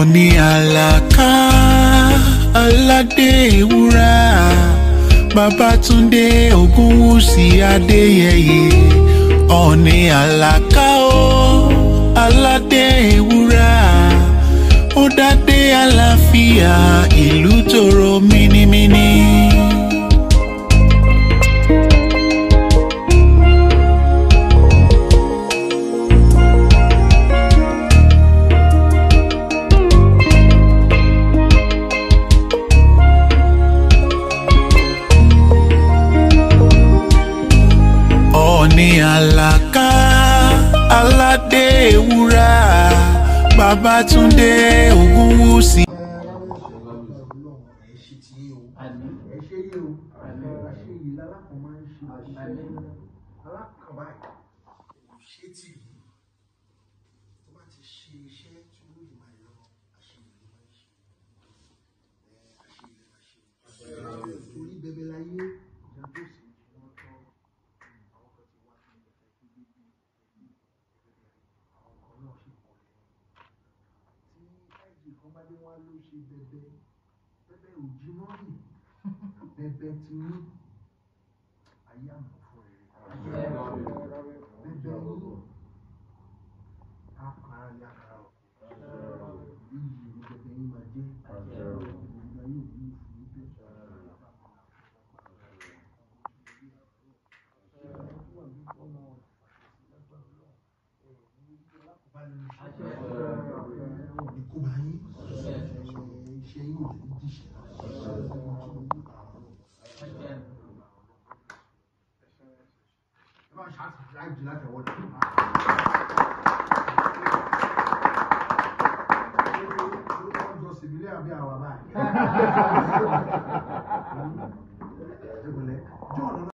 Ọọ̀ni Àlàká aládé ewúrà Babátúndé Ògúnwùsì Adéyẹyè Ọọ̀ni Àlàká o alade ewúrà ó dádé àlàáfíà ìlú tòrò mínímíní. ní alaka aládé ewúrà babátúndé ògúnwùsì. alákàbáyé wọ́n bá dé wọ́n á ló ṣe bẹ̀bẹ̀ bẹ̀bẹ̀ ò jí mọ́ rì bẹ̀bẹ̀ ti ní ayé àmọ̀ fún ẹ̀ bẹ̀bẹ̀ ní apàrà yàrá ọ̀ yìí ni bẹ̀bẹ̀ yìí máa jẹ́ ìgbà yóò bí ìfún bẹ́ẹ̀. Thank you ikú bá yín ṣe yín ò ní díṣẹ́ láti láti ọwọ́